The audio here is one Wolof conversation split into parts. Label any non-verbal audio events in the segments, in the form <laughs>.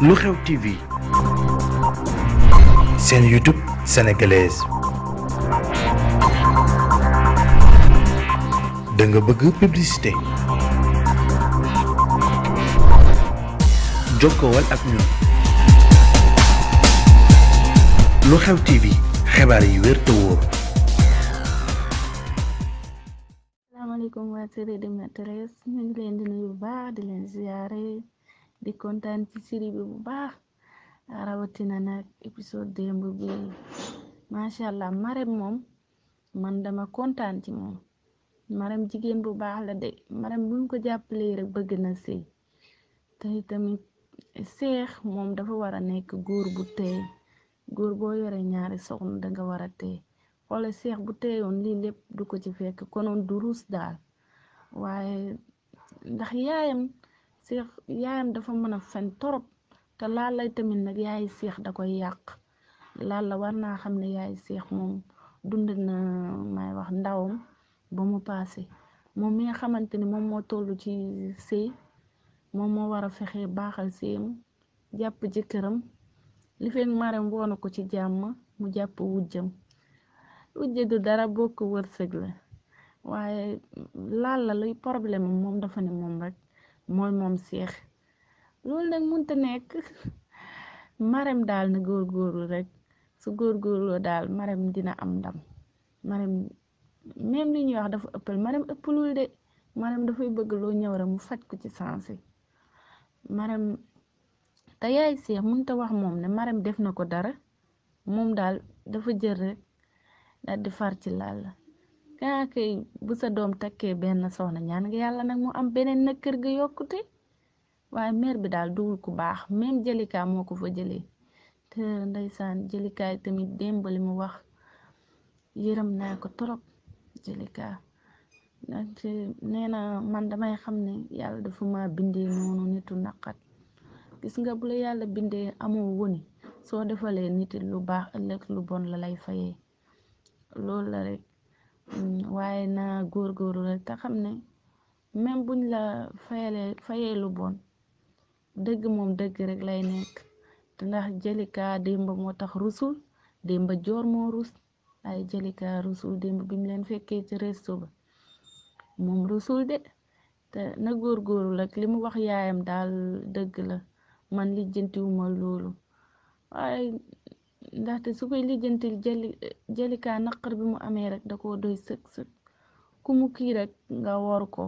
lu xew TV seen YouTube sénégalaise da bëgg publicité jokkowal ak ñun lu xew TV xibaar yi wér te wóor. asalaamaaleykum waa Série des Maîtresses ñu ngi leen di nuyu baax di leen di kontaan ci siri bi bu baax rawatina nag épisode démb bi macha allah marem moom man dama kontaan ci moom marem jigéen bu baax la de marem buñ ko jàppalee rek bëgg na sëy te tamit seex moom dafa war a nekk góor bu teey góor boo yore ñaari soxna danga war a teey xoole seex bu teeyoon lii lépp du ko ci fekk konoon du ruus daal waaye ndax seex yaayam dafa mën a fen torop te laala tamit nag yaay seex da koy yàq laal la war naa xam ne yaay seex moom dund na may wax ndawam ba mu paase moom mi nga xamante ni moom moo tollu ci sëy moom moo war a fexe baaxal sëyam jàpp jëkkëram li fekk maram woona ko ci jàmm mu jàpp wujjam wujje du dara bokk wërsëg la waaye laal la luy problème moom dafa ne moom rek mooy moom seex loolu nag munta nekk <laughs> marem daal na góor góorgóorlu rekk su góor góorgóorloo daal marem dina am ndam marem même li ñuy wax dafa ëppal marem ëppalul de marem dafay bëgg loo ñëw mu faj ko ci sensé marem te yaay seex munta wax moom ne marem def na ko dara moom daal dafa jël rek daal di far ci làll gaa kay bu sa doom takkee benn soxna ñaan nga yàlla nag mu am beneen nag kër gi yokkute waaye mère bi daal duwul ku baax même Jalika moo ko fa jëlee te ndeysaan Jalika tamit dembali mu wax yërëm naa ko torop Jalika nee na man damay xam ne yàlla dafa ma bindee noonu nitu naqat gis nga bu la yàlla bindee amoo woni soo defalee nit lu baax lu bon la lay fayee loolu la rek Mm, waaye na góorgóorlu rek te xam ne même buñ la fayalee fayee bon dëgg moom dëgg rekk lay nekk te ndax jëlikaa démba moo tax rusul démba joor moo rus ay jëlikaa rusul démb bi leen fekkee ci resto ba moom rusul de te na góorgóorlu rek li mu wax yaayam daal dëgg la man lijjantiwuma loolu waaye ndaxte su koy lijjanti jëlikaa naqar bi mu amee rek da koo doy sëg ku mu kii rek nga wor ko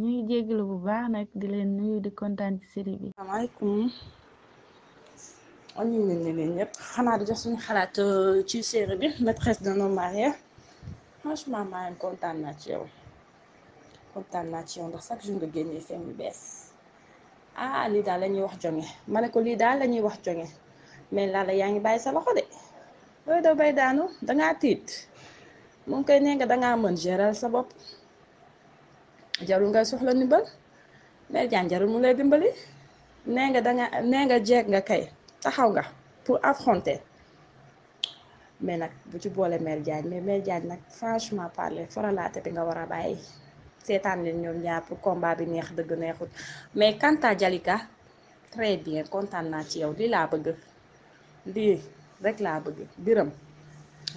ñuy jégalu bu baax nag di leen nuyu di kontaan ci série bi. ñu xanaa di suñu xalaat euh, ci série bi maîtresse d'un homme marié franchement maa ngi kontaan naa ci yow kontaan naa ci ndax chaque jour nga génnee film yu bees. ah lii daal la ñuy wax jonge ma ne ko lii daal lañuy wax jonge mais laala yaa ngi bàyyi sa loxo de looy doo bay daanu dangaa tiit moom koy nee nga dangaa mën gérer sa bopp jarul ngay soxla ndimbal mais jaan jarul mu lay dimbali nee nga danga nee nga jeeg nga kay taxaw nga pour affronter mais nag bu ci boole mère Diagne mais mère Diagne nag franchement parler faralaate bi nga war a bàyyi seetaan leen ñoom ñaar pour combat bi neex dëgg neexut mais kanta à Jalika très bien kontaan naa ci yow lii laa bëgg lii rek laa bëgg biram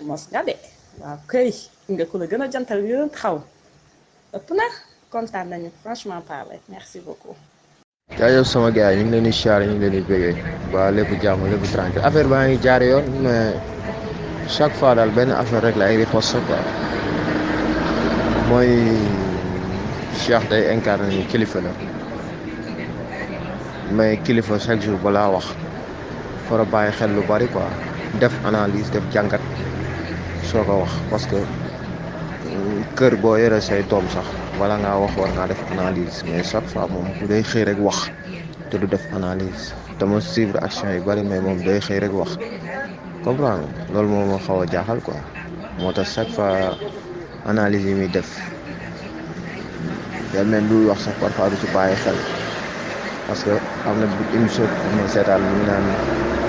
mos nga de waaw këy nga ku la gën a jantal yëpp xaw ëpp na kontaan nañu franchement parler merci beaucoup. jaajëf sama gars yi ñu ngi leen di ñu ngi leen di bëggee ba lépp jàmm lépp tranquille affaire baa ngi jaare yoon mais chaque fois daal benn affaire rek la ay riposte quoi mooy. Cheikh day incarné ni kilifa la may kilifa chaque jour balaa wax war bàyyi xel lu bari quoi def analyse def jàngat soo ko wax parce que euh, kër boo yore say doom sax wala ngaa wax war ngaa def analyse mais chaque fois moom bu day xëy rek wax te du def analyse dama suivre action yu bari mais moom day xëy rek wax comprendre loolu moom moo xaw a jaaxal quoi moo tax chaque fois analyse yi muy def. day mel luy wax sax parfois du ci bàyyi xel parce que am na bu émission am na seetaan mu naan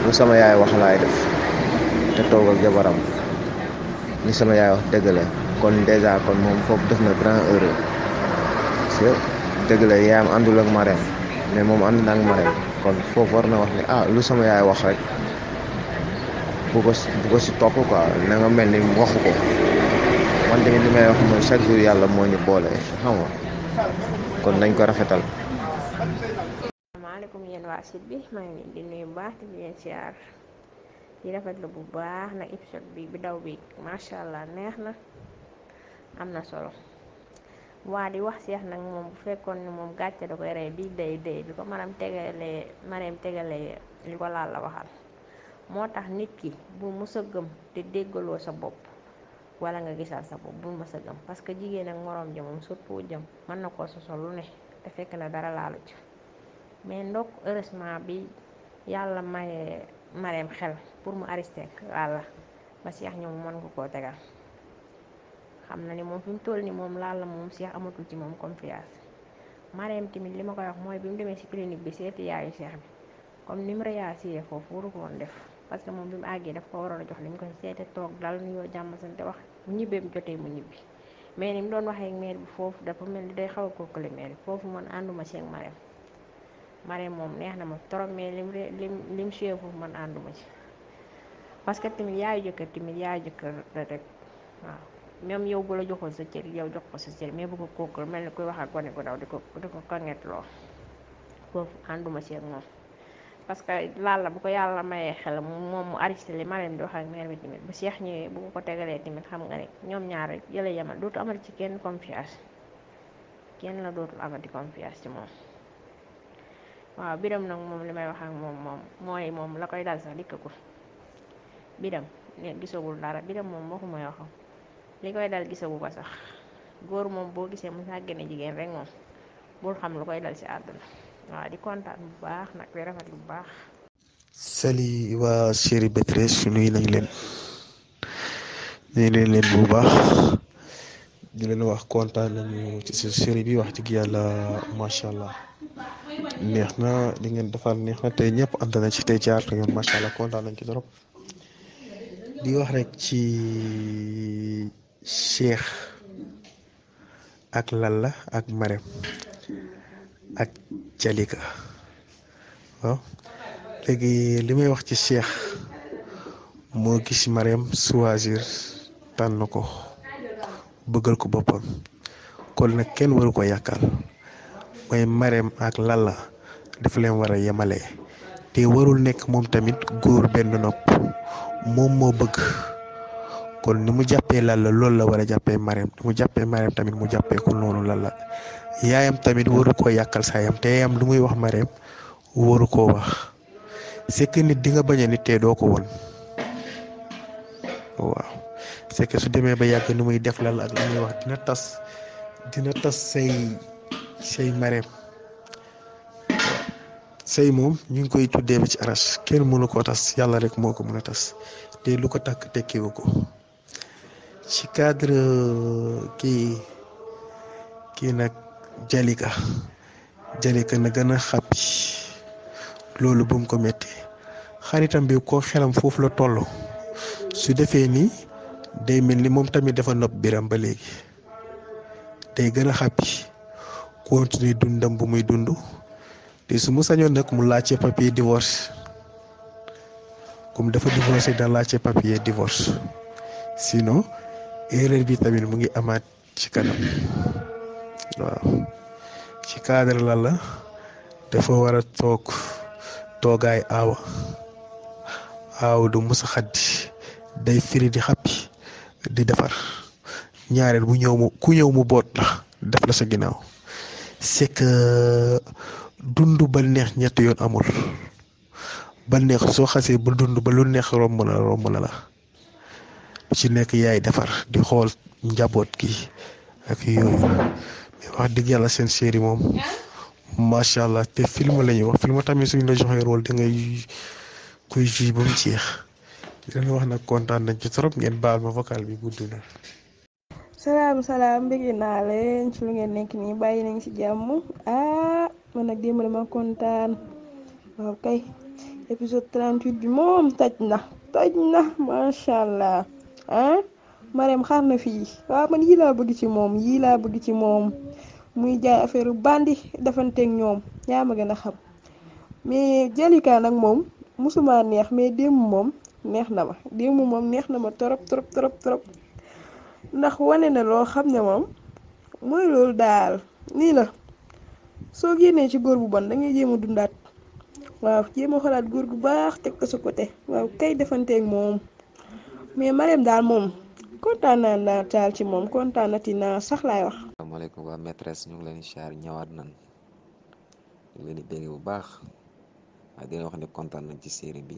lu sama yaay wax laay def te toog ak jabaram ni sama yaay wax dëgg kon dèjà moom foofu def na grand heureux parce que dëgg la yaayam àndul ak marraine mais moom ànd na ak marraine kon foofu war na wax ni ah lu sama yaay wax rek bu ko si topp quoi na nga mel ni waxu ko man tamit li may wax mooy chaque jour yàlla moo ñu boolee xam nga kon nañ ko rafetal asalaamaaleykum yéen waa site bi maa ngi leen di nuyu bu baax ci leen siyaar rafet la bu baax nag épisode bi bi daw bi macha allah neex na am na solo waa di wax seex nag moom bu fekkoon ne moom gàcce da koy rey bii day day bi ko maram tegalee mareem tegalee li ko laal la waxal moo tax nit ki bu mësa gëm te déggaloo sa bopp wala nga gisal sa bopp bul ma sa gëm parce que jigéen ak moroom ja moom surtout jëm mën na koo sosol lu ne te fekk na dara laalu ci mais ndokk heureusement bi yàlla maye mareem xel pour mu aristek laala ba seex ñoom mën nga koo tegal xam na ni moom fi mu toll ni moom laala moom seex amatul ci moom confiance mareem tamit li ma koy wax mooy bi mu demee ci clinique bi seeti yaayu seex bi comme ni mu réagir foofu waru ko def parce que moom bi mu àggee daf ko waroon a jox li ñu koy seete toog dal nuyoo jàmm sante wax bu ñibbeem jotee mu ñibbi mais ni mu doon waxee ak bi foofu dafa mel ni day xaw a kookale maire bi ànduma ci ak Marème moom neex na ma trop mais lim lim man ànduma ci parce que tamit yaayu jëkkër tamit yaayu jëkkër rek waaw yow bu la joxoon sa cër jox ko sa mais bu ko kookal mel ni kuy wax gone ko daw di ko di ko loo foofu ànduma ci ak moom parce que la bu ko yàlla mayee xel moom mu arrêté li ma Marème di wax ak mère bi tamit bu Cheikh ñëwee bu ko ko tegalee tamit xam nga ne ñoom ñaar rek yële yemal dootu amal ci kenn confiance kenn la dootul amati confiance ci moom waaw biram nag moom li may wax ak moom moom mooy moom la koy dal sax dikk ko biram dara biram moom moo ko mooy li koy dal gisagu ko sax góor moom boo gisee mu sàggane jigéen rek moom bul xam lu koy dal ci àdduna waaw di kontaan bu baax nag waa chérie maîtresse nuyu nañ leen nuyu nañ leen bu baax di leen wax kontaan nañu ci seen série bi wax dëgg yàlla macha allah neex na di ngeen defar neex na te ñëpp ànd na ci tey jaar na yoon macha allah kontaan nañ ci trop di wax rek ci Cheikh ak Lalla ak Marème. ak calika waaw léegi li may wax ci Cheikh moo gis Mariam choisir tànn ko bëggal ko boppam kon nag kenn waru ko yàkkal mooy Mariam ak Lalla daf leen war a yemale te warul nekk moom tamit góor benn nopp moom moo bëgg kon ni mu jàppee Lalla loolu la war a jàppee Mariam ni mu jàppee Mariam tamit mu jàppee ko noonu Lalla. yaayam tamit waru koo yàkkal saayam te yaayam lu muy wax mareem waru koo wax c'est nit di nga bañ a nit te doo ko woon waaw c'est su demee ba yàgg nu muy def lal ak lu muy wax dina tas dina tas say say mareem say moom ñu ngi koy tuddee ba ci aras kenn mënu koo tas yàlla rek moo ko mën a tas te lu ko takk tekkiwu ko ci cadre euh, kii kii nag jalika jalika na gën a xàppi loolu bu mu ko méttee xaritam bi ko xelam foofu la toll su defee nii day mel ni moom tamit dafa nopp biram ba léegi day gën a xàppi continuer dundam bu muy dund te su mu sañoon nag mu laajte papier divorce comme dafa divorcé da laajte papier divorce sinon erreur bi tamit mu ngi amaat ci kanam waaw. ci cadre la la dafa war a toog toogaay aawa aaw du musa xaddi day firi di di defar ñaareel bu ñëw mu ku ñëw mu boot la def la sa ginnaaw c'est que dund ba neex ñett yoon amul ba neex soo xasee ba dund ba lu neex romb na romb na la ci nekk yaay defar di xool njaboot gi ak yooyu wax dëgg yàlla seen série moom macha allah te film la ñuy wax film tamit suñ la joxee rôle da ngay kuy ji ba mu jeex leen wax nag kontaan nañ ci trop ngeen baal ma vocal bi gudd na. salaam salaam bëgg naa leen ci lu ngeen nekk nii bàyyi nañ ci jàmm ah man nag démb dama kontaan waaw kay épisode 38 bi moom taj na taj na macha allah ah? Marème xar na fii waaw man yii laa bëgg ci moom yii laa bëgg ci moom muy jaay affaire bandi defanteeg ñoom yaa ma gën a xam mais Jalika nag moom musuma neex mais démb moom neex na ma démb moom neex na ma trop trop trop ndax wane na loo xam ne moom mooy loolu daal nii la soo génnee ci góor bu bon da ngay jéem a dundaat waaw jéem a xoolaat góor gu baax teg ko sa côté waaw kay defanteeg moom mais Marème daal moom. kontaan naa naa taal ci moom kontaanati naa sax laay wax. asalaamaaleykum waa maîtresse ñu ngi leen di nan ñu ngi leen bu baax waaye dina wax ne kontaan nañ ci série bi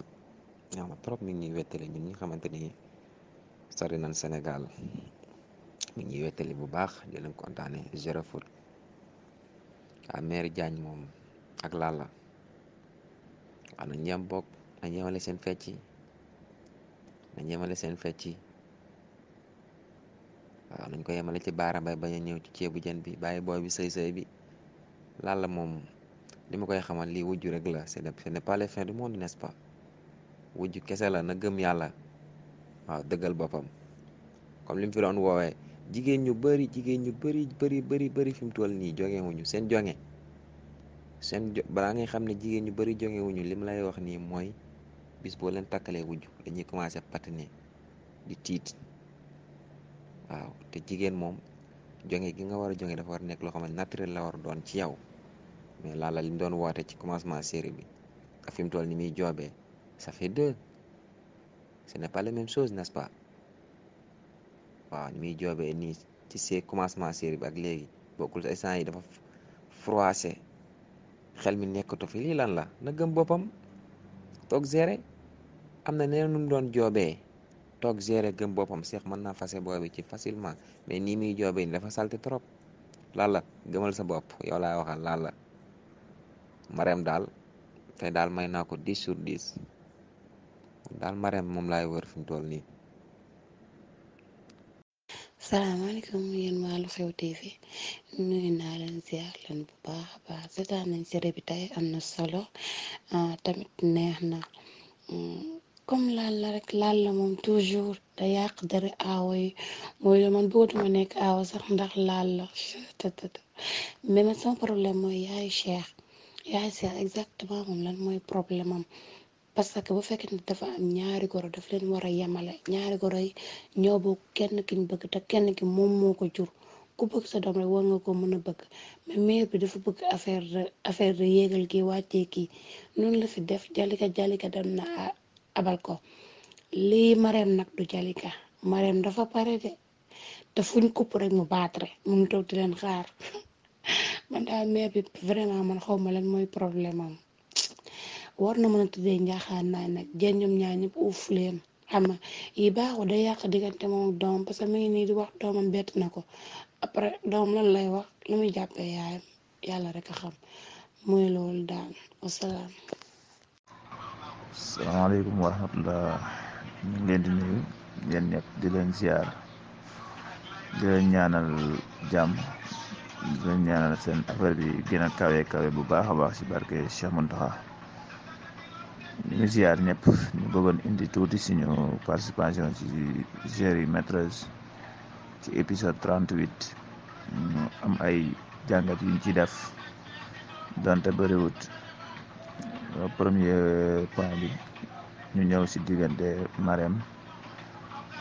ñaaw ma trop mi ngi ñuy wettali ñun ñi nga xamante ni sori nañ Sénégal mi ngi wettali bu baax di leen kontaane Jërëful waa mère Diagne moom ak Lalla waaw na yem bokk nañ yemale seen fecci nañ yemale seen fecci waaw nañ ko yemale ci baara bay bañ a ñëw ci ceebu jën bi bàyyi booy bi sëy sëy bi Lalla moom li ma koy xamal lii wujj rek la ce n'est pas la fin du monde n'est-ce pas wujju kese la na gëm yàlla waaw dëggal boppam comme lim fi doon woowee jigéen ñu bëri jigéen ñu bëri bëri bëri bëri fi mu toll nii jongewuñu seen jonge seen jo balaa ngay xam ne jigéen ñu bari jongewuñu li ma lay wax nii mooy bis boo leen takkalee wujj dañuy commencé patiner di tiit waaw te jigéen moom jonge gi nga war a jonge dafa war nekk loo xam ne naturel la war doon ci yow mais laala mu doon woote ci commencement série bi ak fi mu toll ni muy joobee ça fait deux ce n'est pas la même chose nest pas waaw ni muy joobee nii ci see commencement série bi ak léegi bokkul ay sant yi dafa froissé xel mi nekkatu fi lii lan la na gëm boppam toog géré am na neneen nu doon joobee toog gérer gëm boppam Cheikh mën naa fase boobi ci facilement mais nii muy joobee ni dafa salte trop lalla gëmal sa bopp yow laa waxal lalla mareem daal tey daal may naa ko dix sur dix daal mareem moom lay wër fi mu toll nii salaamaaleykum yéen waa Lu Xew TV nuyu naa leen ziar leen bu baax a baax seetaan nañ série bi tey am na solo ah, tamit neex na mm, comme laal la rek laal la moom toujours da yàq dara aawo yi mooy la man bëggatuma nekk aawo sax ndax laal la <laughs> mais man sama problème mooy yaayu Cheikh yaayu Cheikh exactement moom lan mooy problème moom parce que bu fekkee ne dafa am ñaari goro daf leen war a yemale ñaari goro yi ñoo kenn ki ñu bëgg te kenn ki moom moo ko jur ku bëgg sa doom rek war nga ko mën a bëgg mais maire bi dafa bëgg affaire affaire de yéegal kii wàccee kii noonu la fi def jalika jalika dem na abal ko lii mareem nag du jalika mareem dafa pare de te fuñ kupp rek mu baat baatre mu ngi toog leen xaar <laughs> man daal mère bi vraiment man xaw ma leen mooy problème am war na mën a tuddee njaaxaan naay nag jën ñoom ñaar ñëpp uuf leen xam nga yi baaxu da yàq diggante moom doom doomam parce que mi ngi nii di wax doomam bett na ko après doom lan lay wax lu muy jàppee yaayam yàlla rek a xam mooy loolu daal wasalaam salaamaaleykum wa rahmatullah ñu ngi leen di nuyu yéen ñëpp di leen ziar di leen ñaanal jàmm di leen ñaanal seen affaire bi gën a kawe bu baax a baax ci barke Cheikh Mountakha ñu ngi ziar ñëpp ñu bëggoon indi tuuti suñu participation ci Géri Maîtresse ci épisode 38 ñu am ay jàngat yuñ ci def donte bariwut Euh, premier euh, point bi ñu ñëw si diggante Marème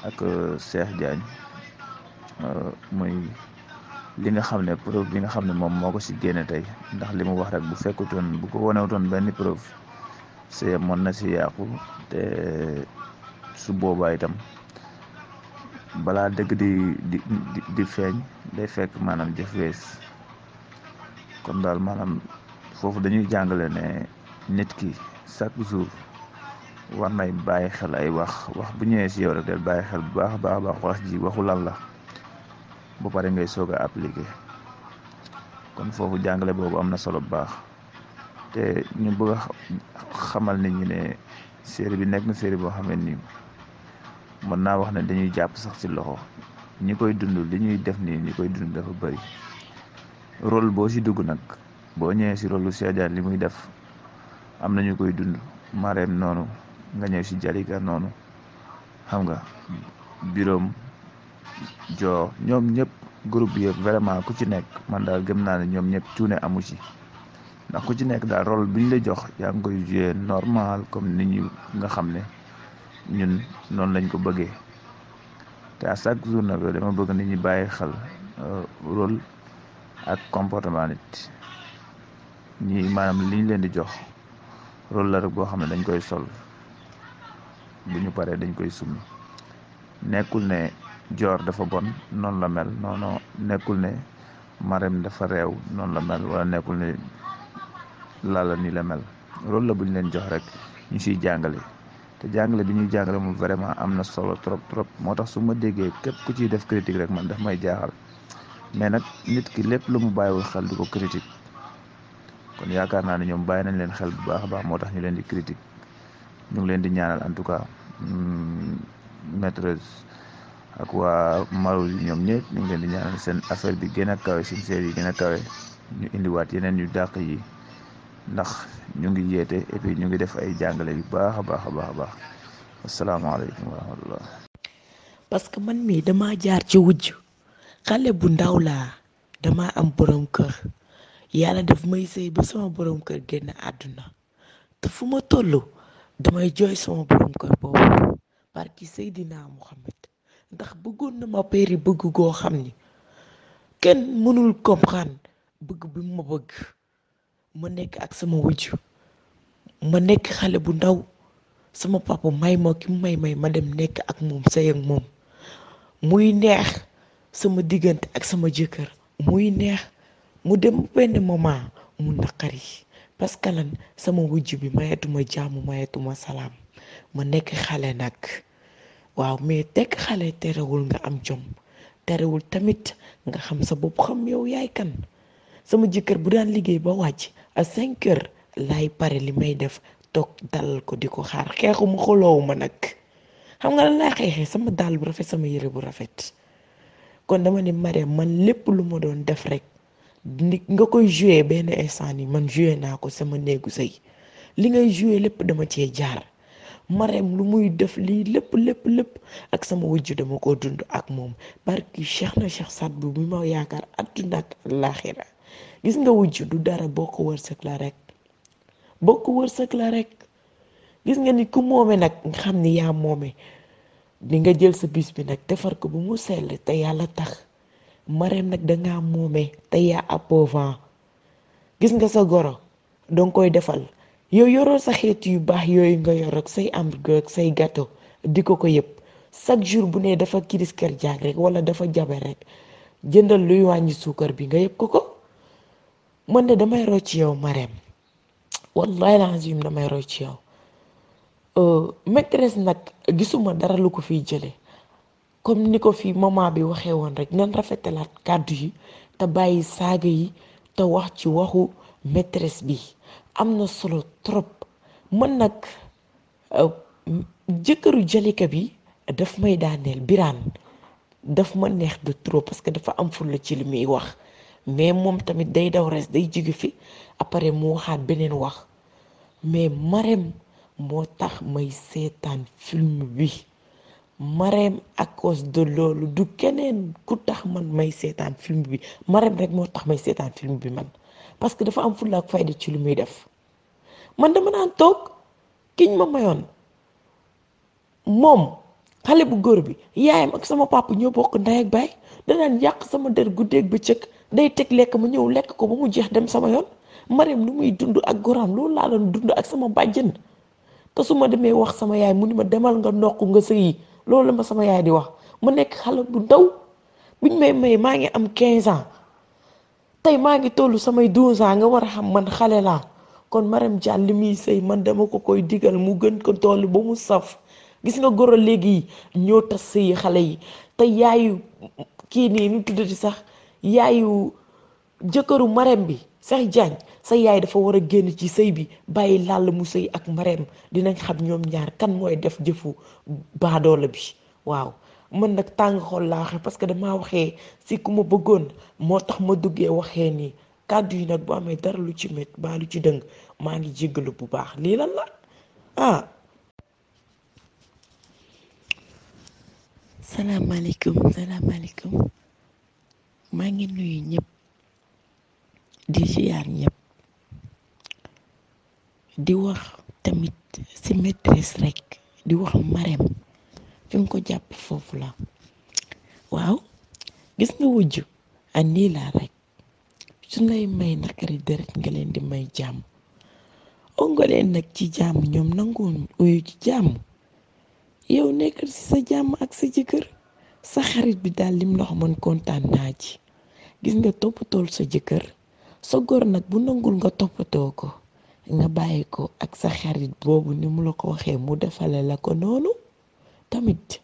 ak euh, Cheikh Diagne muy li nga xam ne preuve bi nga xam ne moom moo ko si génne tey ndax li mu wax rek bu fekkutoon bu ko wanewutoon benn preuve see mën na si yàqu te su boobaa itam balaa dëgg di di di feeñ day fekk maanaam jëf wees kon daal maanaam foofu dañuy jàngale ne nit ki chaque jour war nay bàyyi xel ay wax wax bu ñëwee si yow rek del bàyyi xel bu baax a baax baax wax ji waxu lan la bu pare ngay soog a appliqué kon foofu jàngale boobu am na solo bu baax te ñu bëgg a xamal nit ñi ne série bi nekk na série boo xam ne mën naa wax ne dañuy jàpp sax ci loxo ñi koy dund li ñuy def nii ñi koy dund dafa bëri rôle boo ci dugg nag boo ñëwee si rôle lu seedaan li muy def. am nañu koy dund mareem noonu nga ñëw si jariga noonu xam nga buroom joo ñoom ñëpp groupe bi yëpp vraiment ku ci nekk man daal gëm naa ne ñoom ñëpp cuune amu ci ndax ku ci nekk daal rôle bi ñu la jox yaa ngi koy joué normal comme nit ñi nga xam ne ñun noonu lañ ko bëggee te à chaque jour nag dama bëgg nit ñi bàyyi xel euh, rôle ak comportement nit ñi maanaam li ñu leen di jox rôle la rek boo xam ne dañ koy sol bu ñu paree dañ koy summi nekkul ne joor dafa bon noonu la mel non nekkul ne marem dafa réew noonu la mel walla nekkul ne lala nii la mel rôle la bu ñu leen jox rek ñu siy jàngale te jàngale bi ñuy jàngale moom vraiment am na solo trop trop moo tax su ma déggee képp ku ciy def critique rek man daf may jaaxal mais nag nit ki lépp lu mu bàyyiwul xel di ko critique kon yaakaar naa ne ñoom bàyyi nañ leen xel bu baax a baax moo tax ñu leen di critique ñu ngi leen di ñaanal en tout cas mm, maîtresse ak waa Marodi yi ñoom ñëpp ñu ngi leen di ñaanal seen affaire bi gën a kawe seen série yi gën a kawe ñu indiwaat yeneen yu dàq yi ndax ñu ngi yeete et puis ñu ngi def ay jàngale yu baax a baax a baax a baax asalaamaaleykum wa parce que man mii dama jaar ci wujj xale bu ndaw laa dama am borom kër yàlla def may sëy ba sama borom kër génn àdduna te fu ma toll damay jooy sama borom kër boobu barki Seydina Muhammad ndax bëggoon na ma peri bëgg goo xam ni kenn mënul comprendre bëgg bi ma bëgg ma nekk ak sama wujj ma nekk xale bu ndaw sama papa may ma ki may may ma dem nekk ak moom sëy ak moom muy neex sama diggante ak sama jëkkër muy neex mu dem benn moment mu naqari parce que lan sama wujj bi ma mayetuma jàmm mayetuma salaam ma nekk xale nag waaw mais teg xale terewul nga am jom terewul tamit nga xam sa bopp xam yow yaay kan sama jëkkër bu daan liggéey ba wàcc à cinq heures laay pare li may def toog dalal ko di ko xaar xeexuma xoloowuma nag xam nga lan laay xeexee sama dàll bu rafet sama yére bu rafet kon dama ne Marème man lépp lu ma doon def rek ni nga koy joué benn instant ni man joué naa ko sama néegu sëy li ngay joué lépp dama cee jaar mareem lu muy def lii lépp lépp lépp ak sama wujju dama ko dund ak moom barki cheikh na cheikh Saad bu mi ma yaakaar àdduna ak laaxira gis nga wujju du dara boo ko wërsëg la rek boo ko rek gis nga ni ku moome nag nga xam ni yaa moome di nga jël sa bis bi nag defar ko bu mu sell te yàlla tax mareem nag dangaa moome te yaa ab gis nga sa goro danga koy defal yow yoroo sa xeet yu baax yooyu nga yor ak say hamburger ak say gato di ko ko yëpp chaque jour bu nee dafa crise cardiaque rek wala dafa jabe rek jëndal luy wàññi suukar bi nga yëpp ko ko mën de damay roc ci yow mareem wallahi lazim damay roc yow euh, maîtresse nag gisuma dara lu ko fiy jële comme ni ko fi maman bi waxee woon rek nan rafetalaat kàddu yi te bàyyi saaga yi te wax ci waxu maîtresse bi am na solo trop man nag euh, jëkkëru jalika bi daf may daaneel biraan daf ma neex de trop parce que dafa am fulla ci li muy wax mais moom tamit day daw res day jigi fi après mu waxaat beneen wax mais marem moo tax may seetaan film bi Marème ak cause de loolu du keneen ku tax man may seetaan film bi Marème rek moo tax may seetaan film bi man parce que dafa am fulla ak fayda ci lu muy def man dama naan toog kiñ ma mayoon moom xale bu góor bi yaayam ak sama papa ñoo bokk ndey ak baay danaan yàq sama der guddeeg bëccëg day teg lekk ma ñëw lekk ko ba mu jeex dem sama yoon Marème lu muy dund ak goram loolu laa doon dund ak sama bàjjen te su ma demee wax sama yaay mu ni ma demal nga nokk nga sëyi loolu ma sama yaay di wax ma nekk xale bu ndaw biñ may may maa ngi am 15 ans tey maa ngi tollu samay 12 ans nga war a xam man xale laa kon Marème Dial li muy sëy man dama ko koy digal mu gën ko tollu ba mu saf gis nga goro léegi ñoo tas sëyi xale yi te yaayu kii nii nu tuddati sax yaayu jëkkëru mareem bi Cheikh Diagne sa yaay dafa war a génn ci sëy bi bàyyi làll mu sëy ak mbareem dinañ xam ñoom ñaar kan mooy def jëfu baadoola bi waaw mën nag tàng xool laa waxee parce que damaa waxee si ku ma bëggoon moo tax ma duggee waxe nii kàddu yi nag bu amee dara lu ci met baa lu ci dëng maa ngi jéggalu bu baax lii lan la ah salaamaaleykum salaamaaleykum maa ngi nuyu ñëpp di ziar ñëpp di wax tamit si maîtresse rek di wax mareem fi ko jàpp foofu la waaw gis nga wujj ak ah, nii laa rek su lay may nakari deret nga leen di may jàmm ongo nag ci jàmm ñoom nangoon uyu ci jàmm yow nekkal ci sa jàmm ak sa jëkkër sa xarit bi daal lim loxo man kontaan naa ci gis nga toppatool sa jëkkër sa gor nag bu nangul nga toppatoo ko nga bàyyi ko ak sa xarit boobu ni mu la ko waxee mu defale la ko noonu tamit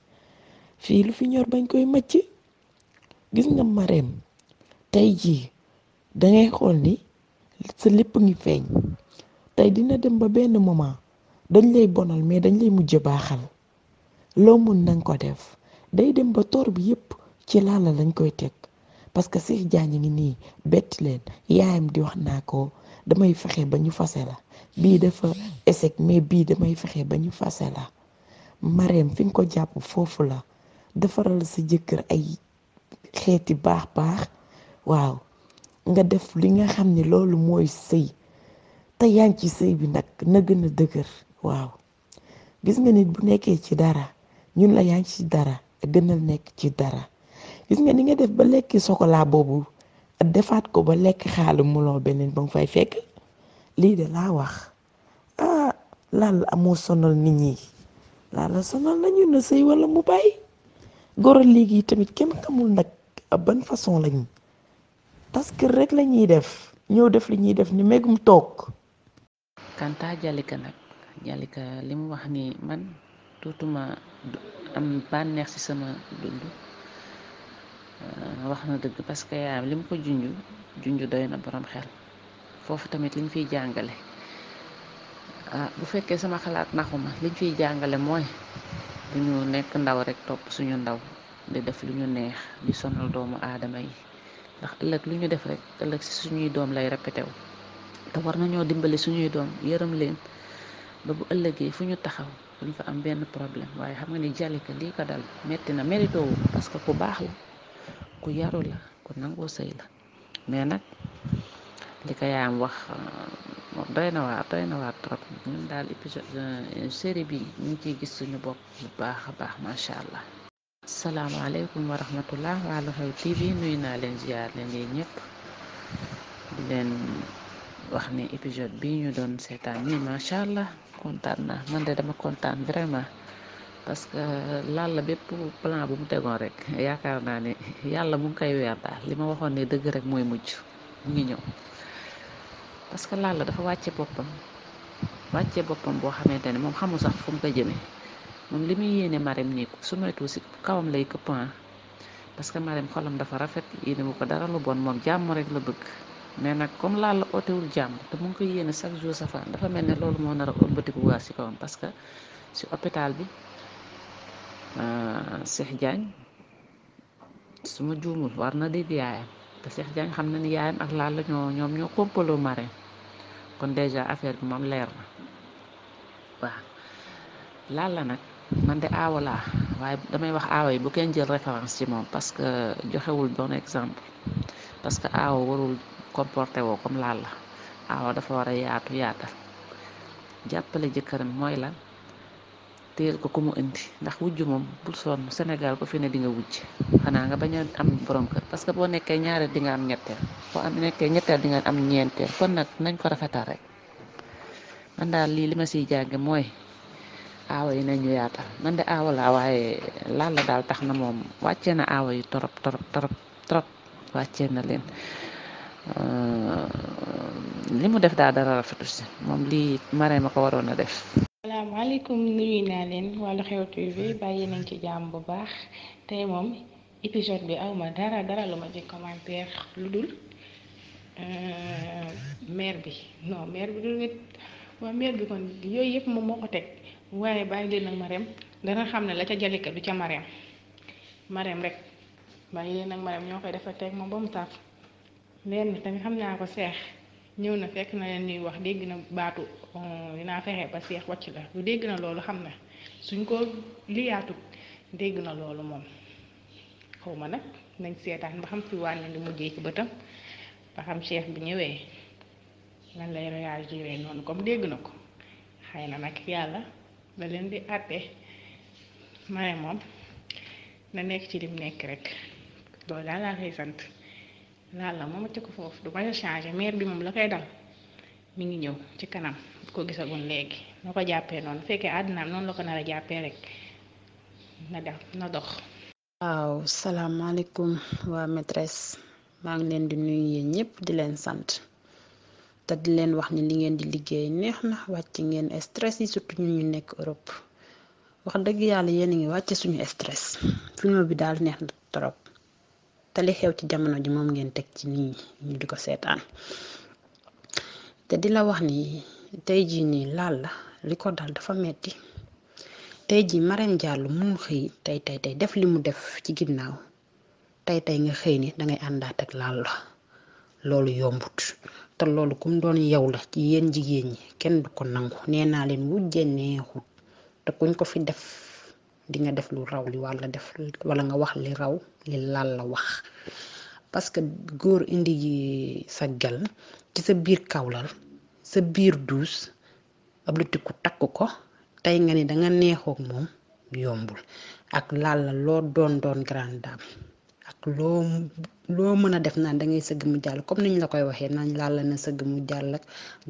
fii lu fi ñor bañ koy macc gis nga mareem tey jii dangay xool ni sa lépp ngi feeñ tey dina dem ba benn moment dañ lay bonal mais dañ lay mujj baaxal loo mun nanga ko def day dem ba toor bi yépp ci laala lañ koy teg parce que Cheikh Diagne ngi nii bett leen yaayam di wax naa ko damay fexe ba ñu fase la bii dafa échec mais bii damay fexe ba ñu fase la mareem fi nga ko jàpp foofu la defaral sa jëkkër ay xeeti baax baax waaw nga def li nga xam ni loolu mooy sëy te yaa ngi ci sëy bi nag na gën a dëgër waaw gis nga nit bu nekkee ci dara ñun la yaa ngi ci dara gënal nekk ci dara gis nga ni nga def ba lekki sokolaa boobu defaat ko ba lekk xaalu muloo beneen ba mu fay fekk lii de laa wax ah laal amoo sonal nit ñi laal la sonal nañu na sëy wala mu bàyyi goro léegi tamit kenn xamul nag ban façon lañu parce rek la ñuy def ñëw def li ñuy def ni megum toog kanta Jalika nag Jalika li mu wax ni man tuutuma am bànneex ci sama dund Euh, wax na dëgg parce que yaayam li mu ko junj junj doy na boroom xel foofu tamit liñ fiy jàngale ah bu fekkee sama xalaat naxuma liñ fiy jàngale mooy bu nekk ndaw rek topp suñu ndaw di def luñu neex di sonal doomu aadama yi ndax ëllëg lu ñu def rek ëllëg si suñuy doom lay répété wu te war nañoo dimbali suñuy doom yërëm leen ba bu ëllëgee fu ñu taxaw duñ fa am benn problème waaye xam nga ni Jalika lii ko dal metti na mérito wu parce que ku baax la. ku yaru la ku nangoo sëy la mais nag li ko yaayam wax moom uh, doy na waar doy na waar trop ñun daal épisode uh, série bi ñu ngi ciy gis suñu bopp bu baax a baax macha allah. salaamaaleykum wa rahmatullah waa Lu Xew TV nuyu naa leen ziar leen yi leen wax ne épisode bi ñu doon seetaan nii macha allah kontaan na man de dama kontaan vraiment. parce que Lalla bépp plan bu mu tegoon rek yaakaar naa ne yàlla mu ngi koy weer daal li ma waxoon ne dëgg rek mooy mujj mu ngi ñëw parce que Lalla dafa wàcce boppam wàcce boppam boo xamante ne moom xamul sax fu mu ko jëmee moom li muy yéene Marème nii su moytu si kawam lay këpp ah. parce que Marème xolam dafa rafet yéene wu ko dara lu bon moom jàmm rek la bëgg mais nag comme Lalla ootewul jàmm te mu ngi koy yéene chaque jour safaan dafa mel ne loolu moo nar a ëmbati bu waar si parce que si hôpital bi. Euh, Cheikh Diagne su ma war na dégg yaayam te Cheikh Diagne xam na ni yaayam ak laal la ñoo ñoom ñoo kompaloo Marème kon déjà affaire bi moom leer na waaw laal la nag man de aawa laa waaye damay wax aawa yi bu kenn jël référence ci moom parce que joxewul bon exemple parce que aawa warul comporté woo comme laal la aawa dafa war a yaatu yaatal jàppale jëkkëram mooy lan téyel ko ku indi ndax wujj moom bul sonn Sénégal ko fi ne di nga wujj xanaa nga bañ a am borom kër parce que bo nekkee ñaareel dinga am ñetteel boo am nekkee ñetteel di nga am ñeenteel kon nag nañ ko rafetal rek man daal lii li ma siy jànge mooy aawa yi nañu yaatal man de aawa waaye laal la daal tax na moom wàccee na aawa yi torop trop torop torop wàccee na leen euh, li mu def daal dara rafetu si moom lii maree ma ko waroon a def asalaamaaleykum nuyu naa leen waa Lu Xew TV bàyyi nañ ci jàmm bu baax tey moom épisode bi awma dara dara lu ma ci commentaire lu dul euh, maire bi non maire bi dul nit waa maire bi kon yooyu yëpp moom moo ko teg waaye bàyyi leen ak Marème dana xam ne la ca Jalika du ca Marème Marème rek bàyyi leen ak Marème ñoo koy dafa teg moom ba mu tàpp leen tamit xam naa ko seex ñëw na fekk na leen ñuy wax dégg na baatu dinaa fexe ba seex wàcc la lu dégg na loolu xam na suñ koo liyaatu dégg na loolu moom xaw ma nag nañ seetaan ba xam si wàññi di mujjee ci bëtam ba xam seex bi ñëwee lan lay réagir noonu comme dégg na ko xëy na nag yàlla la leen di àtte ma moom na nekk ci lim nekk rek loolu daal laa koy sant. laal la ma ci ko foofu du ma changé maire bi moom la koy dal mi ngi ñëw ci kanam ko gisagun léegi na ko jàppee noonu fekkee àddinaam noonu la ko nar jàppee rek na dem na dox waaw salaamaaleykum waa maîtresse maa ngi leen di nuyu yéen ñëpp di leen sant te di leen wax ni li ngeen di liggéey neex na wàcc ngeen stress yi surtout ñun ñu nekk Europe wax dëgg yàlla yéen a ngi wàcce suñu stress film bi daal neex na trop te li xew ci jamono ji moom ngeen teg ci nit ñi di ko seetaan te di la wax ni tey jii nii laal la li ko dal dafa metti tey jii Marème Diallo mënul xëy tey tey tey def li mu def ci ginnaaw tey tey nga xëy ni dangay àndaat ak laal la loolu yombut te loolu kum doon yow la ci yéen jigéen ñi kenn du ko nangu nee naa leen wujje neexut te kuñ ko fi def di nga def lu raw li wàlla def wala nga wax li raw li laal la wax parce que góor indi sa gal ci sa biir kawlal sa biir duus ab lutiku takk ko tey nga ni danga neexook moom yombul ak laal la loo doon doon grande dame ak loo loo mën a def naan da ngay sëgg mu jàll comme ni ñu la koy waxee naan laal na sëgg mu jàll ak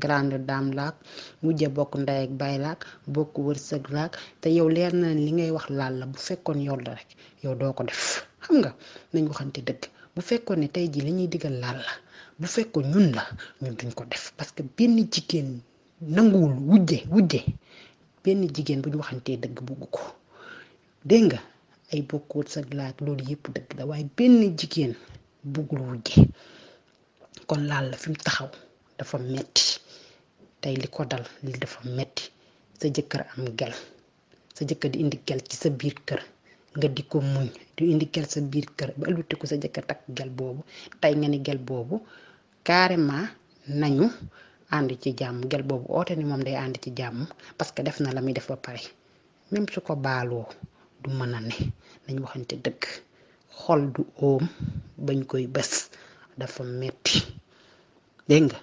grande dame laak mujje bokk ndey ak bay laak bokk wërsëg laak te yow leer na li ngay wax laal la bu fekkoon yoon la rek yow doo ko def xam nga nañ waxante dëgg bu fekkoon ne tey jii la ñuy digal laal la bu fekkoon ñun la ñun duñ ko def parce que benn jigéen nanguwul wujje wujje benn jigéen bu ñu waxantee dëgg bugg ko dégg nga ay bokkoot sa laaj loolu yëpp dëgg la waaye benn jigéen buggul wujje kon laal la fi taxaw dafa metti tey li ko dal li dafa metti sa jëkkër am gel sa jëkkër di indi gel ci sa biir kër nga di ko muñ di indi gel sa biir kër ba ëllëg ko sa jëkkër takk gel boobu tey nga ni gel boobu carrément nañu ànd ci jàmm gel boobu oote ni moom day ànd ci jàmm parce que def na la muy def ba pare même su ko baaloo du mën a ne nañ waxante dëgg xol du óom bañ koy bés dafa metti dégg nga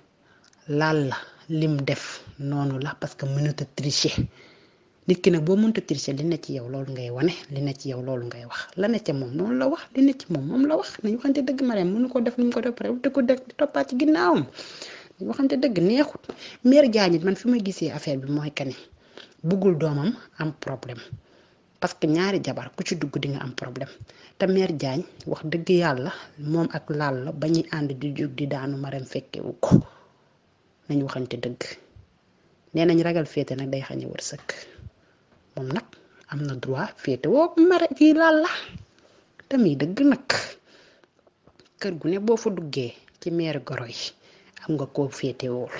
laal la lim def noonu la parce que mënut a tricher nit ki nag boo mënut a tricher li ne ci yow loolu ngay wane li ne ci yow loolu ngay wax la ne ca moom noonu la wax li ne ci moom moom la wax nañ waxante dëgg Mariam mënu ko def ni mu ko def pare te ko def toppaat ci ginnaawam nañ waxante dëgg neexut mère Diagne it man fi ma gisee affaire bi mooy kani buggul doomam am problème parce que ñaari jabar ku ci dugg dinga am problème te mère Diagne wax dëgg yàlla moom ak laal la ba ñuy ànd di jóg di daanu maram fekkewu ko nañ waxante dëgg nee nañ ragal féete nag day xañe wërsëg moom nag am na droit féete woo mare kii laal te dëgg nag kër gu ne boo fa duggee ci mère goro yi am nga koo féete wool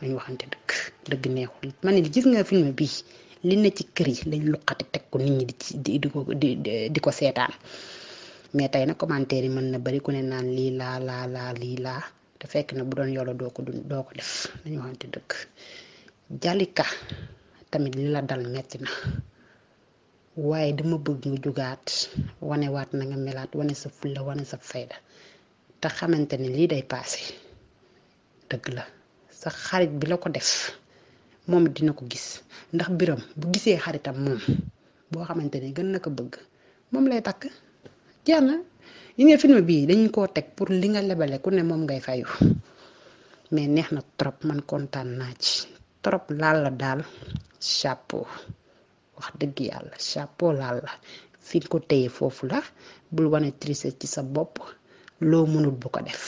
nañ waxante dëgg dëgg neexul ma gis nga film bii li ne ci kër yi lañ luqati teg ko nit ñi di ci di di ko di di ko seetaan mais tey na commentaire yi mën na bari ku ne naan lii laa laa laa lii laa te fekk na bu doon yolo doo ko doo ko def dañu waxante dëkk Jalika tamit li la dal metti na waaye dama bëgg nga jugaat waat na nga melaat wane sa fulla wane sa fayda te xamante ne lii day paase dëgg la sa xarit bi la ko def moom dina ko gis ndax biram bu gisee xaritam moom boo xamante ne gën na ko bëgg moom lay takk jeex na yi nga film bii dañ koo teg pour li nga lebale ku ne moom ngay fayu mais neex na trop man kontaan naa ci trop laal la daal chapeau wax dëgg yàlla chapeau laal la fi nga ko téye foofu la bul wane tristesse ci sa bopp loo mënul bu ko def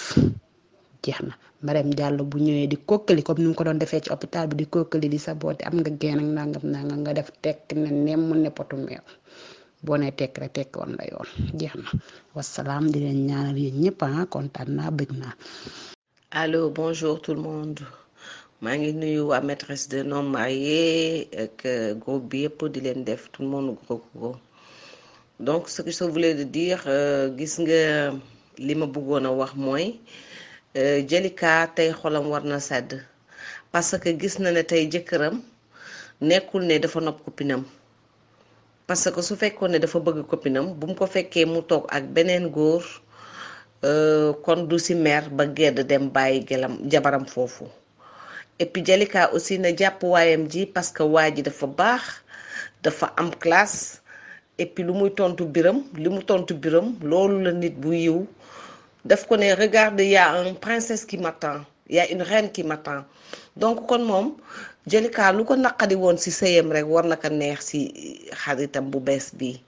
jeex na Marème jàll bu ñëwee di kokkali comme ni mu ko doon defee ci hôpital bi di kokkali di saboote am nga geen ak nangam nangam nga def tekk ne nem mu ne potu meew boo nee tekk rek tekk woon yoon jeex na wasalaam di leen ñaanal yéen ñëpp ah kontaan naa bëgg naa. allo bonjour tout le monde maa ngi nuyu waa maîtresse de non marié euh, groupe bi yëpp di leen def tout le monde gros gros donc ce que je voulais dire euh, gis nga li ma bëggoon a wax mooy. Euh, Jalika tey xolam war na sedd parce que gis na ne tey jëkkëram nekkul ne dafa nopp copinam parce que su fekkoon ne dafa bëgg copinam bu mu ko fekkee mu toog ak beneen góor euh, kon du si mer ba gedd dem bàyyi gelam jabaram foofu et puis aussi ne jàpp waayam ji parce que waa ji dafa baax dafa am classe et lu muy tontu biram li mu tontu biram loolu la nit bu yiw daf ko ne regarde y a un princesse qui m'attend y a une reine qui m'attend donc kon moom Jalika lu ko naqadi woon ci sëyam rek war na ko neex ci xaritam bu bees bi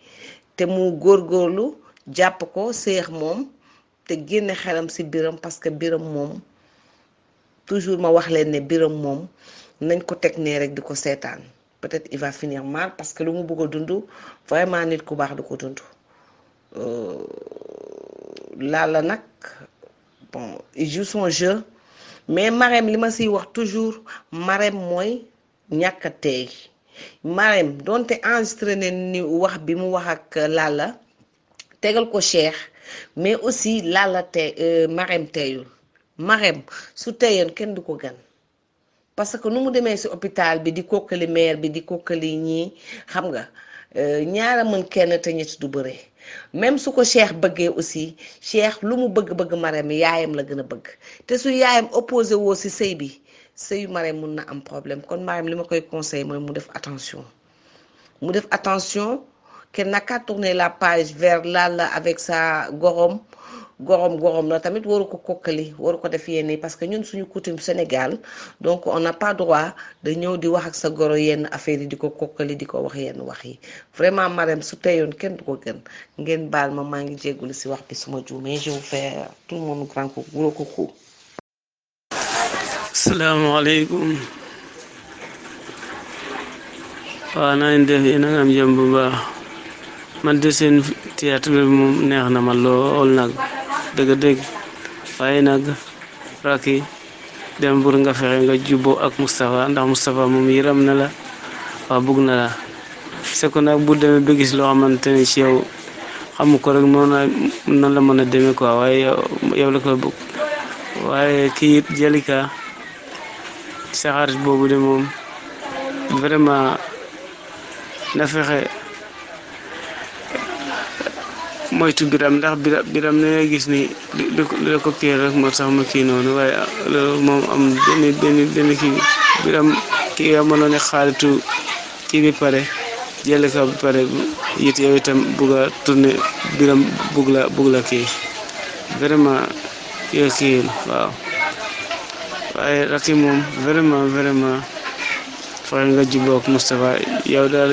te mu góor góorlu jàpp ko séex moom te génne xelam ci biram parce que biram moom toujours ma wax leen ne biram moom nañ ko teg nee rek di ko seetaan peut-être il va finir mal parce que lu mu bëgg a dund vraiment nit ku baax du ko dundu Euh, Lalla nag bon mais Marème li ma siy wax toujours Marème mooy ñàkk teey Marème donte enstre ne ni wax bi mu wax ak Lalla tegal ko Cheikh mais aussi Lalla tey euh, Marème teyul Marème su teyoon kenn du ko gan parce que nu mu demee si hôpital bi di kokkali maire bi di kokkali ñii xam nga euh, ñaara mën kenn te ñett du bëre. même su ko Cheikh bëggee aussi Cheikh lu mu bëgg-bëgg Marème yaayam la gën a bëgg te su yaayam opposé woo ci sëy bi sëyu Marème mun na am problème kon Marème li ma koy conseil mooy mu def attention mu def attention qu'elle n'a qu'à tourner la page vers Lalla avec sa gorom gorom gorom la tamit waru ko kokkali waru ko def yenn yi parce que ñun suñu coutume Sénégal donc on n'a pas droit de ñëw di wax ak sa goro yenn affaire yi di ko kokkali di ko wax yenn wax yi vraiment Marème su teyoon kenn du ko gën ngeen baal ma maa ngi jéggulu si wax bi suma juumee je vous euh, def yéen a jëm bu man de seen théâtre bi moom neex na ma lool nag. dëgg-dëgg waaye nag Racky dem bur nga fexe nga jubbo ak Moustapha ndax Moustapha moom yëram na la waa bugg na la c'est que nag bu demee ba gis loo xamante ne ci yow xamu ko rek noonu la noonu mën a demee quoi waaye yow la ko bëgg waaye kii it Jalika sa boobu de moom vraiment na fexe. moytu biram ndax biram ne gis ni li li ko kii rek moo tax ma kii noonu waaye ah, loolu moom am benn benn benn biram kii nga mënoon a xaalitu kii bi pare jël ka bi pare it yow itam bugg a biram bugg la bugg la kii vraiment yow kii waaw waaye rakki moom vraiment vraiment fexe nga jubboog Moustapha yow daal.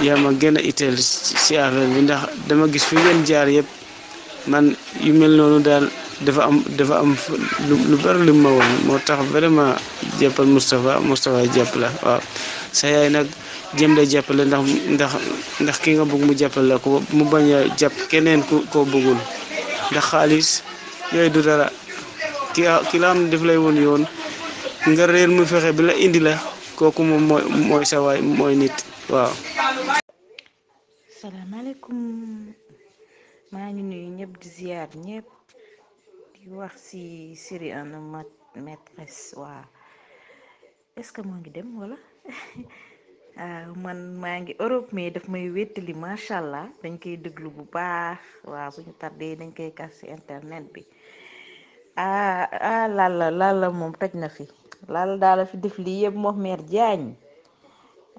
yaa ma gën a itteel si bi ndax dama gis fi ngeen jaar yëpp man yu mel noonu daal dafa am dafa am lu bari lu ma woon moo tax vraiment jàppal Moustapha Moustapha jàpp la waaw sa yaay nag jëm la jàppale ndax ndax ndax ki nga bëgg mu jàppal la ko mu bañ a jàpp keneen ku koo bëggul ndax xaalis yooyu du dara ki am def lay woon yoon nga réer mu fexe bi la indi la kooku moom mooy mooy sa waay mooy nit waaw. salaamaaleykum maa ngi nuyu ñëpp di ziar ñëpp di wax si série Un homme maîtresse waaw est-ce que moo ngi dem wala <laughs> ah, man maa ngi Europe mais daf may wéttali macha allah dañ koy déglu bu baax waa bu ñu tardee dañ koy kar si internet bi ah ah Lalla Lalla moom toj na fi Lalla daal la fi def lii yëpp moom mère Diagne.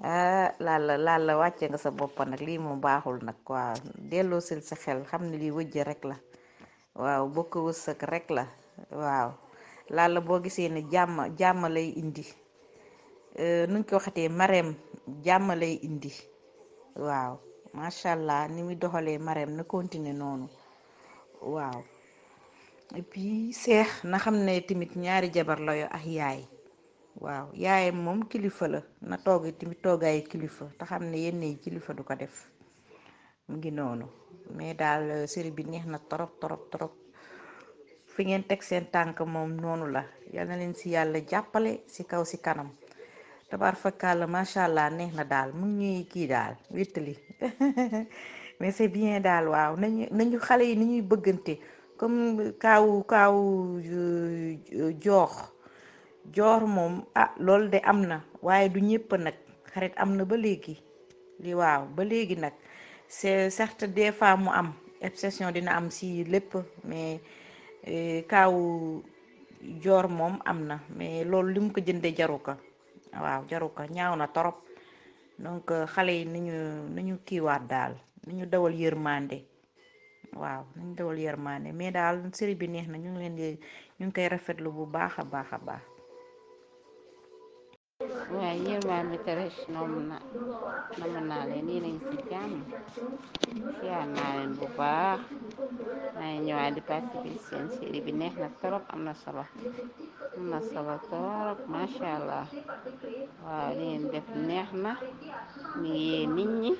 ah laal laal la wàcce nga sa boppa nag lii mu baaxul nag waaw delloo sil sa xel xam ne lii wëjj rek la waaw bokk wërsëg rek la waaw laal la boo gisee ne jàmm jàmm lay indi eh, nuñ ko waxatee mareem jàmm lay indi waaw macha allah ni muy doxalee mareem na continuer noonu waaw et puis seex na xam ne tamit ñaari jabar la yo ak yaay waaw yaayam moom kilifa la na toog tamit toogaayu kilifa te xam ne yenn yi kilifa du ko def mu ngi noonu mais daal euh, série bi neex na torop torop torop fi ngeen teg seen tànk moom noonu la yal na leen si yàlla jàppale si kaw si kanam tabaar fakkaala macha allah neex na daal mu ngi ñuy kii daal wéttali <laughs> mais c'est bien daal waaw na nañu xale yi ni ñuy bëggante comme kaawu kaawu euh, euh, joox joor moom ah loolu de am na waaye du ñëpp nag xarit am na ba léegi li waaw ba léegi nag c'est certes des fois mu am exception dina am si lépp mais eh, kaawu joor moom am na mais loolu li mu ko jëndee jaru ko waaw jaru ko ñaaw na torop donc euh, xale yi nañu nañu kiiwaat daal nañu dawal yërmande waaw nañu dawal yërmande mais daal série bi neex na ñu leen ñu ngi koy rafetlu bu baax a baax a baax waaye yërmande te rëcc noonu na namu naa leen yéen a ngi ci jàmm siyaar naa leen bu baax may ñëwaat di participer seen série bi neex na torop am na solo am na solo torop macha allah waaw li def neex na mi ngi nit ñi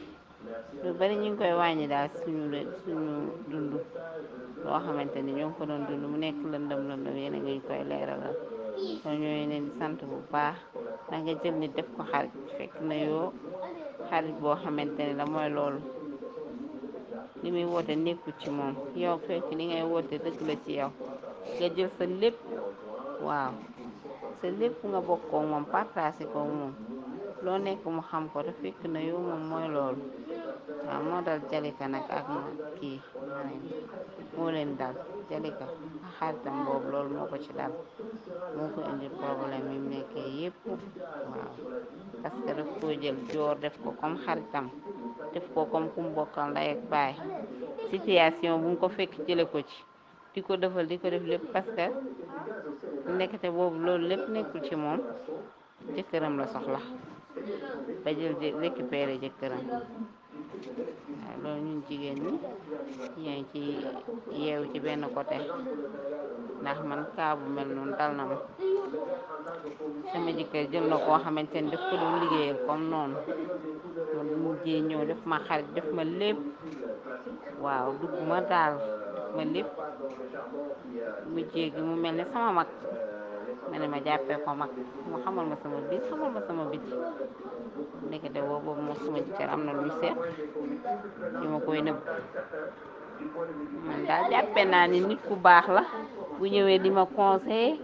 lu bari ñu ngi koy wàññi daal suñu suñu dund loo xamante ni ñoo ko doon dund mu nekk lëndëm lëndëm yéen a ngi koy leeralal soo ñëwee leen sant bu baax da nga jël ni def ko xarit fekk na yoo xarit boo xamante ne la mooy loolu li muy woote nekku ci moom yow fekk li ngay woote dëgg la ci yaw nga jël sa lépp waaw sa lépp nga bokkoo moom partagé ko moom loo nekk mu xam ko te fekk na yoo moom mooy loolu waaw moo dal Jalika nag ak kii moo leen dal Jalika xaritam boobu loolu moo ko ci dal moo ko indi problème yi mu yépp waaw parce que daf jël joor def ko comme xaritam def ko kom kum bokkal ndey ak baay situation bu mu ko fekk jële ko ci di ko defal di ko def lépp parce que nekkete boobu loolu lépp nekkul ci moom jëkkëram la soxla ba jël récupérer jëkkëram waaw loolu ñun jigéen ñi ñoo ci yeewu ci benn côté ndax man kaa bu mel noonu dal na ma sama jëkkër jël na koo xamante ni daf ko doon liggéeyal comme noonu man mujjee ñëw def ma xarit def ma lépp waaw dugg ma daal def ma lépp mujjee gi mu mel ni sama mag ma ne ma jàppee ko mag mu xamal ma sama biir xamal ma sama biti ndekete woo boobu moom am na luy seet yu koy nëbb man daal jàppee baax la bu ñëwee di ma conseiller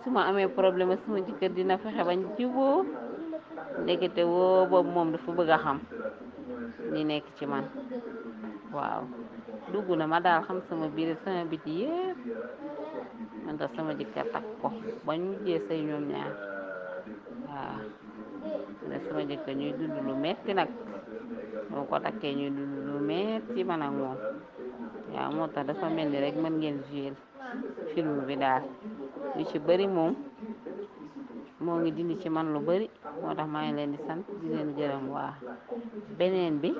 su ma amee problème sama jëkkër dina fexe bañ juboo moom dafa bëgg a xam li nekk ci man waaw dugg na ma daal xam sama biir sama biti yëpp man tax sama jëkkër takk ko bañ mujjee sëy ñoom ñaar waaw sama jëkkër ñuy dund metti nag boo ko takkee ñuy dund metti man ak moom waaw moo tax dafa mel ni rek man ngeen jouer film bi daal yu ci bari moom moo ngi dindi ci man lu bari moo tax maa ngi leen di sant di leen gërëm waa beneen bi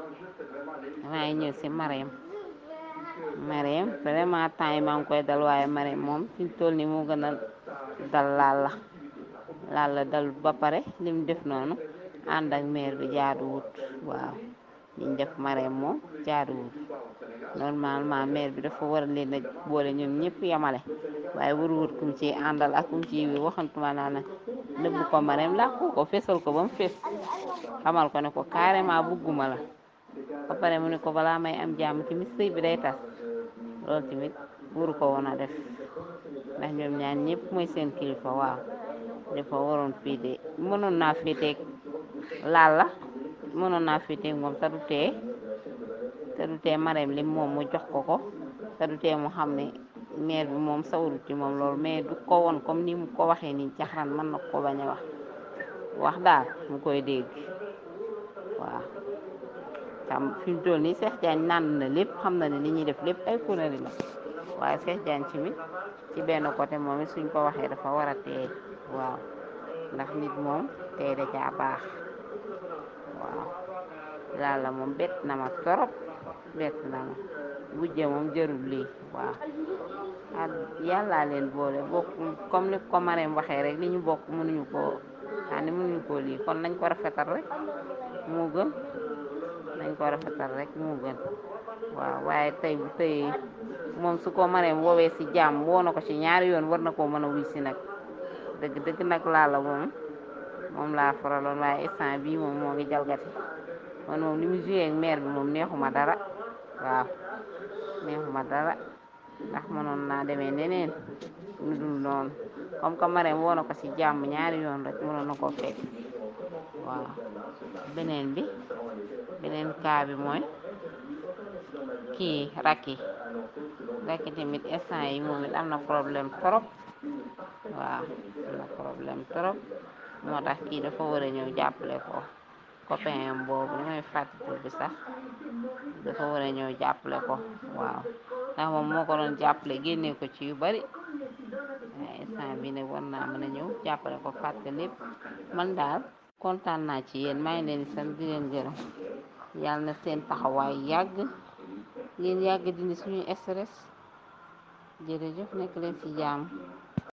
maa ngi ñëw si Marème Marème vraiment temps yi maa ngi koy dal waaye Marème moom fi toll nii moo gën a dal laal la laal la dal ba pare lim def noonu ànd ak maire bi jaaduwut waaw liñ def Marème moom jaaduwut normalement maire bi dafa war leen a boole ñoom ñëpp yamale waaye waruwut kum ci àndal ak kum ci waxantuma naa ne ko Marème làkku ko fesal ko ba mu fes ko ne ko bugguma la ba pare mu ne balaa may am jàmm ci mi bi day tas loolu tamit waru ko woon a def ndax ñoom ñaan ñëpp mooy seen kilifa waaw dafa waroon féete mënoon naa féeteeg laal la mënoon naa féeteeg moom te du tee te du tee mareem lim moom mu jox ko ko te du tee mu xam ne maire bi moom sawaru ci moom lool mais du ko woon comme ni mu ko waxee ni jaxran mën na ko bañ a wax wax daal mu koy dégg waaw tam fi mu toll nii Cheikh Diagne naan na lépp xam na ne li ñuy def lépp ay kuréel la waaye Cheikh Diagne ci mit ci benn côté moom it suñ ko waxee dafa war a teey waaw ndax nit moom tey da caa baax waaw laala moom bett na ma torop bett na ma wujje moom jërul lii waaw ah yàllaa leen boole bokk comme ni ko Marème waxee rek li ñu bokk mënuñu koo xam ne mënuñu koo lii kon nañ ko rafetal rek moo gën dañ ko rafetal rek moo gën waaye tey tey moom su ko mënee woowee si jàmm woo na ko ci ñaari yoon war na koo mën a wuy nag dëgg dëgg nag laa la moom laa faraloon waaye instant bii moom moo ngi jalgati man ni mu joué ak bi moom neexuma dara waaw neexuma dara ndax mënoon naa demee neneen ñu dul noonu comme que Marème woo na ko si jàmm ñaari yoon rek mënoon na koo fekk waaw beneen bi beneen kaa bi mooy kii rakki rakki tamit instant yi moom it am na problème trop waaw am na problème trop moo tax kii dafa war a ñëw jàppale ko copain boobu mooy fàttali bi sax dafa war a ñëw jàppale ko waaw ndax moom moo ko doon jàppale génne ko ci yu bari waaye bi ne war naa mën a ñëw jàppale ko fàtte lépp man daal kontaan naa ci yéen maa ngi leen di sant di leen gërëm yàlla na seen taxawaay yàgg ngeen yàgg dindi suñuy stress jërëjëf nekk leen ci jàmm